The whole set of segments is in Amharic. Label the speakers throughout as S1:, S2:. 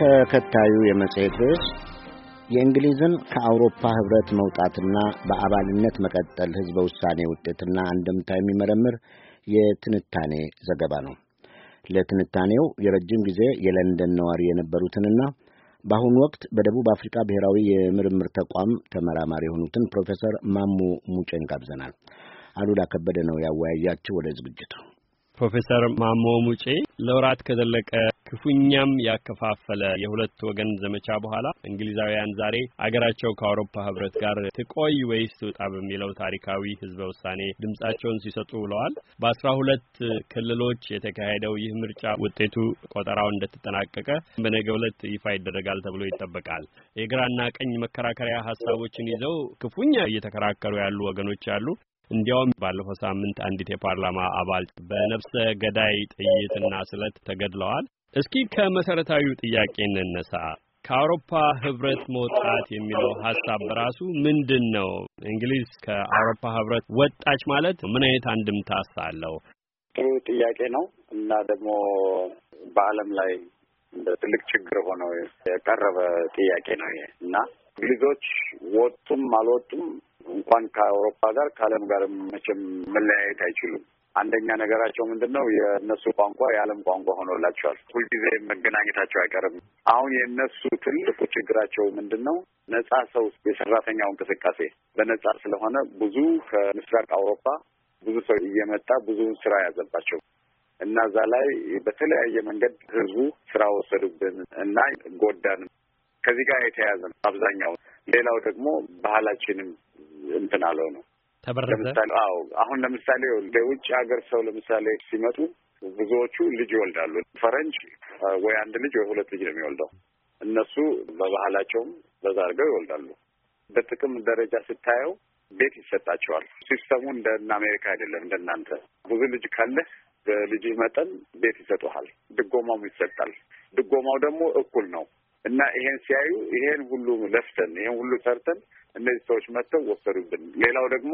S1: ተከታዩ የመጽሔት ርዕስ የእንግሊዝን ከአውሮፓ ኅብረት መውጣትና በአባልነት መቀጠል ሕዝበ ውሳኔ ውጤትና አንድምታ የሚመረምር የትንታኔ ዘገባ ነው። ለትንታኔው የረጅም ጊዜ የለንደን ነዋሪ የነበሩትንና በአሁኑ ወቅት በደቡብ አፍሪካ ብሔራዊ የምርምር ተቋም ተመራማሪ የሆኑትን ፕሮፌሰር ማሞ ሙጬን ጋብዘናል። አሉላ ከበደ ነው ያወያያቸው። ወደ ዝግጅቱ ፕሮፌሰር ማሞ ሙጬ ለወራት ከዘለቀ ክፉኛም ያከፋፈለ የሁለት ወገን ዘመቻ በኋላ እንግሊዛውያን ዛሬ አገራቸው ከአውሮፓ ህብረት ጋር ትቆይ ወይስ ትውጣ በሚለው ታሪካዊ ህዝበ ውሳኔ ድምጻቸውን ሲሰጡ ውለዋል። በአስራ ሁለት ክልሎች የተካሄደው ይህ ምርጫ ውጤቱ ቆጠራው እንደተጠናቀቀ በነገ ዕለት ይፋ ይደረጋል ተብሎ ይጠበቃል። የግራና ቀኝ መከራከሪያ ሀሳቦችን ይዘው ክፉኛ እየተከራከሩ ያሉ ወገኖች አሉ። እንዲያውም ባለፈው ሳምንት አንዲት የፓርላማ አባል በነፍሰ ገዳይ ጥይትና ስለት ተገድለዋል። እስኪ ከመሰረታዊው ጥያቄ እንነሳ። ከአውሮፓ ህብረት መውጣት የሚለው ሀሳብ በራሱ ምንድን ነው? እንግሊዝ ከአውሮፓ ህብረት ወጣች ማለት ምን አይነት አንድምታስ አለው?
S2: ጥሩ ጥያቄ ነው እና ደግሞ በዓለም ላይ እንደ ትልቅ ችግር ሆኖ የቀረበ ጥያቄ ነው ይሄ እና እንግሊዞች ወጡም አልወጡም እንኳን ከአውሮፓ ጋር ከዓለም ጋር መቼም መለያየት አይችሉም። አንደኛ ነገራቸው ምንድን ነው? የእነሱ ቋንቋ የዓለም ቋንቋ ሆኖላቸዋል። ሁልጊዜ መገናኘታቸው አይቀርም። አሁን የእነሱ ትልቁ ችግራቸው ምንድን ነው? ነጻ ሰው የሰራተኛው እንቅስቃሴ በነጻ ስለሆነ ብዙ ከምስራቅ አውሮፓ ብዙ ሰው እየመጣ ብዙውን ስራ ያዘባቸው እና እዛ ላይ በተለያየ መንገድ ህዝቡ ስራ ወሰዱብን እና ጎዳንም። ከዚህ ጋር የተያያዘ ነው አብዛኛው። ሌላው ደግሞ ባህላችንም እንትን አለው ነው ተበረዘ። አዎ አሁን ለምሳሌ የውጭ ሀገር ሰው ለምሳሌ ሲመጡ ብዙዎቹ ልጅ ይወልዳሉ። ፈረንጅ ወይ አንድ ልጅ ወይ ሁለት ልጅ ነው የሚወልደው። እነሱ በባህላቸውም በዛ አድርገው ይወልዳሉ። በጥቅም ደረጃ ስታየው ቤት ይሰጣቸዋል። ሲስተሙ እንደ አሜሪካ አይደለም። እንደእናንተ ብዙ ልጅ ካለህ በልጅህ መጠን ቤት ይሰጡሃል። ድጎማውም ይሰጣል። ድጎማው ደግሞ እኩል ነው። እና ይሄን ሲያዩ ይሄን ሁሉ ለፍተን ይሄን ሁሉ ሰርተን እነዚህ ሰዎች መጥተው ወሰዱብን። ሌላው ደግሞ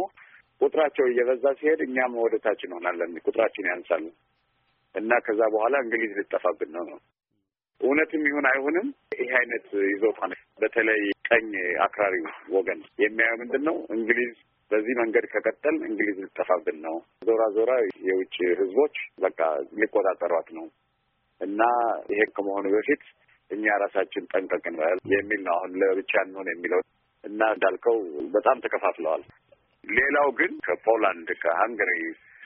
S2: ቁጥራቸው እየበዛ ሲሄድ እኛም ወደታች እንሆናለን፣ ቁጥራችን ያንሳሉ እና ከዛ በኋላ እንግሊዝ ልጠፋብን ነው ነው እውነትም ይሁን አይሁንም ይህ አይነት ይዞታ በተለይ ቀኝ አክራሪው ወገን የሚያየው ምንድን ነው? እንግሊዝ በዚህ መንገድ ከቀጠል እንግሊዝ ልጠፋብን ነው፣ ዞራ ዞራ የውጭ ህዝቦች በቃ ሊቆጣጠሯት ነው እና ይሄ ከመሆኑ በፊት እኛ ራሳችን ጠንቀቅን የሚል ነው። አሁን ለብቻ እንሆን የሚለው እና እንዳልከው በጣም ተከፋፍለዋል። ሌላው ግን ከፖላንድ፣ ከሀንገሪ፣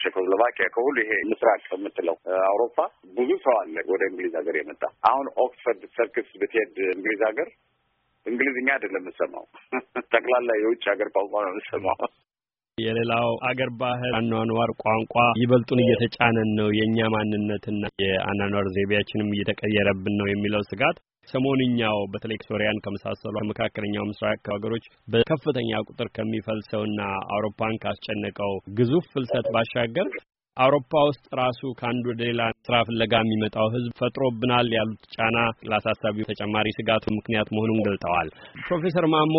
S2: ቼኮስሎቫኪያ ከሁሉ ይሄ ምስራቅ የምትለው አውሮፓ ብዙ ሰው አለ ወደ እንግሊዝ ሀገር የመጣ አሁን ኦክስፈርድ ሰርክስ ብትሄድ እንግሊዝ ሀገር እንግሊዝኛ አይደለም የምሰማው፣ ጠቅላላ የውጭ ሀገር ቋንቋ ነው የምሰማው።
S1: የሌላው አገር ባህል አኗኗር፣ ቋንቋ ይበልጡን እየተጫነን ነው፣ የእኛ ማንነትና የአኗኗር ዘይቤያችንም እየተቀየረብን ነው የሚለው ስጋት ሰሞንኛው በተለይ ሶሪያን ከመሳሰሉ መካከለኛው ምስራቅ ሀገሮች በከፍተኛ ቁጥር ከሚፈልሰውና አውሮፓን ካስጨነቀው ግዙፍ ፍልሰት ባሻገር አውሮፓ ውስጥ ራሱ ከአንድ ወደ ሌላ ስራ ፍለጋ የሚመጣው ህዝብ ፈጥሮብናል ያሉት ጫና ለአሳሳቢው ተጨማሪ ስጋቱ ምክንያት መሆኑን ገልጠዋል። ፕሮፌሰር ማሞ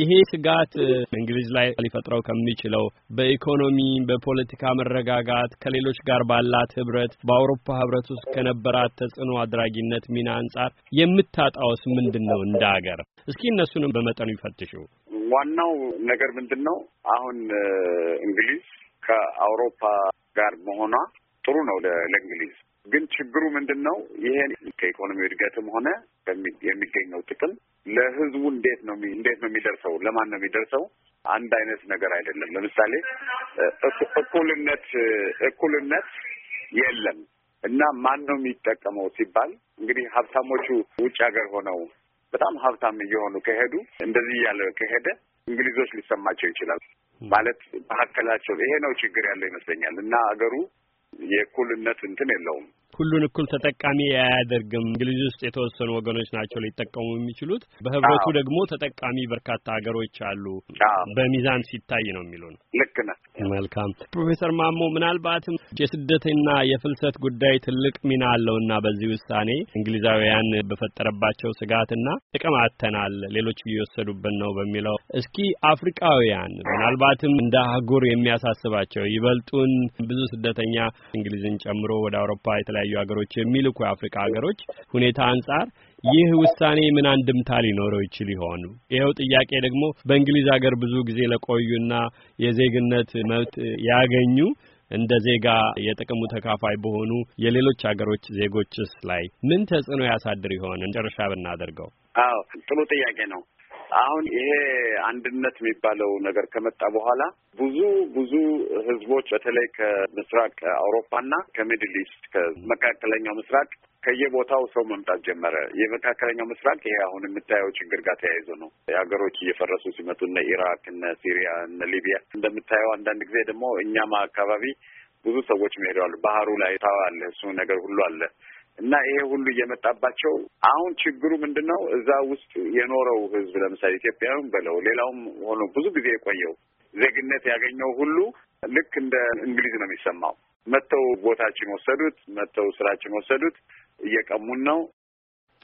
S1: ይሄ ስጋት እንግሊዝ ላይ ሊፈጥረው ከሚችለው በኢኮኖሚ በፖለቲካ መረጋጋት ከሌሎች ጋር ባላት ህብረት በአውሮፓ ህብረት ውስጥ ከነበራት ተጽዕኖ አድራጊነት ሚና አንጻር የምታጣውስ ምንድን ነው? እንደ ሀገር እስኪ እነሱንም በመጠኑ ይፈትሹ።
S2: ዋናው ነገር ምንድን ነው? አሁን እንግሊዝ ከአውሮፓ ጋር መሆኗ ጥሩ ነው ለእንግሊዝ። ግን ችግሩ ምንድን ነው? ይሄን ከኢኮኖሚው እድገትም ሆነ የሚገኘው ጥቅም ለህዝቡ እንዴት ነው እንዴት ነው የሚደርሰው? ለማን ነው የሚደርሰው? አንድ አይነት ነገር አይደለም። ለምሳሌ እኩልነት እኩልነት የለም እና ማን ነው የሚጠቀመው ሲባል እንግዲህ ሀብታሞቹ ውጭ ሀገር ሆነው በጣም ሀብታም እየሆኑ ከሄዱ እንደዚህ እያለ ከሄደ እንግሊዞች ሊሰማቸው ይችላል። ማለት መካከላቸው ይሄ ነው ችግር ያለው ይመስለኛል። እና አገሩ የእኩልነት እንትን የለውም
S1: ሁሉን እኩል ተጠቃሚ አያደርግም። እንግሊዝ ውስጥ የተወሰኑ ወገኖች ናቸው ሊጠቀሙ የሚችሉት። በህብረቱ ደግሞ ተጠቃሚ በርካታ ሀገሮች አሉ። በሚዛን ሲታይ ነው የሚሉን። ልክ ነህ። መልካም ፕሮፌሰር ማሞ ምናልባትም የስደትና የፍልሰት ጉዳይ ትልቅ ሚና አለውና በዚህ ውሳኔ እንግሊዛውያን በፈጠረባቸው ስጋትና ጥቅም አተናል ሌሎች እየወሰዱብን ነው በሚለው እስኪ አፍሪቃውያን ምናልባትም እንደ አህጉር የሚያሳስባቸው ይበልጡን ብዙ ስደተኛ እንግሊዝን ጨምሮ ወደ አውሮፓ የተለያ የተለያዩ ሀገሮች የሚልኩ የአፍሪካ ሀገሮች ሁኔታ አንጻር ይህ ውሳኔ ምን አንድምታ ሊኖረው ይችል ይሆን? ይኸው ጥያቄ ደግሞ በእንግሊዝ ሀገር ብዙ ጊዜ ለቆዩና የዜግነት መብት ያገኙ እንደ ዜጋ የጥቅሙ ተካፋይ በሆኑ የሌሎች ሀገሮች ዜጎችስ ላይ ምን ተጽዕኖ ያሳድር ይሆን? መጨረሻ ብናደርገው።
S2: አዎ ጥሩ ጥያቄ ነው። አሁን ይሄ አንድነት የሚባለው ነገር ከመጣ በኋላ ብዙ ብዙ ህዝቦች በተለይ ከምስራቅ አውሮፓና ከሚድል ኢስት ከመካከለኛው ምስራቅ ከየቦታው ሰው መምጣት ጀመረ። የመካከለኛው ምስራቅ ይሄ አሁን የምታየው ችግር ጋር ተያይዞ ነው። የሀገሮች እየፈረሱ ሲመጡ እነ ኢራቅ፣ እነ ሲሪያ፣ እነ ሊቢያ እንደምታየው አንዳንድ ጊዜ ደግሞ እኛም አካባቢ ብዙ ሰዎች መሄደዋል። ባህሩ ላይ ታዋ አለ፣ እሱ ነገር ሁሉ አለ። እና ይሄ ሁሉ እየመጣባቸው አሁን ችግሩ ምንድን ነው? እዛ ውስጥ የኖረው ህዝብ ለምሳሌ ኢትዮጵያውያን በለው ሌላውም ሆኖ ብዙ ጊዜ የቆየው ዜግነት ያገኘው ሁሉ ልክ እንደ እንግሊዝ ነው የሚሰማው። መጥተው ቦታችን ወሰዱት፣ መጥተው ስራችን ወሰዱት፣ እየቀሙን ነው።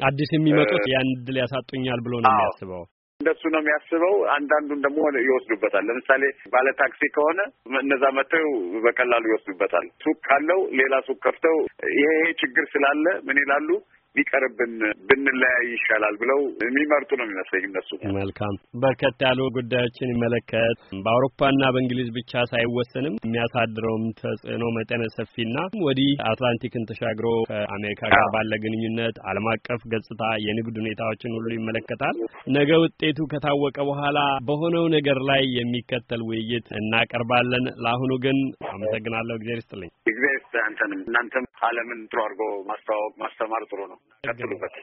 S1: አዲስ የሚመጡት ያን እድል ያሳጡኛል ብሎ ነው የሚያስበው።
S2: እንደሱ ነው የሚያስበው። አንዳንዱን ደግሞ ይወስዱበታል። ለምሳሌ ባለ ታክሲ ከሆነ እነዛ መተው በቀላሉ ይወስዱበታል። ሱቅ ካለው ሌላ ሱቅ ከፍተው ይሄ ችግር ስላለ ምን ይላሉ ቢቀርብን ብንለያይ ይሻላል ብለው የሚመርጡ ነው የሚመስለኝ እነሱ። መልካም
S1: በርከት ያሉ ጉዳዮችን ይመለከት በአውሮፓና በእንግሊዝ ብቻ ሳይወሰንም የሚያሳድረውም ተጽዕኖ መጠነ ሰፊና ወዲህ አትላንቲክን ተሻግሮ ከአሜሪካ ጋር ባለ ግንኙነት ዓለም አቀፍ ገጽታ የንግድ ሁኔታዎችን ሁሉ ይመለከታል። ነገ ውጤቱ ከታወቀ በኋላ በሆነው ነገር ላይ የሚከተል ውይይት እናቀርባለን። ለአሁኑ ግን አመሰግናለሁ። እግዜር ይስጥልኝ።
S2: እግዚአብሔር አንተንም እናንተም ዓለምን ጥሩ አድርጎ ማስተዋወቅ ማስተማር ጥሩ ነው። ቀጥሉበት።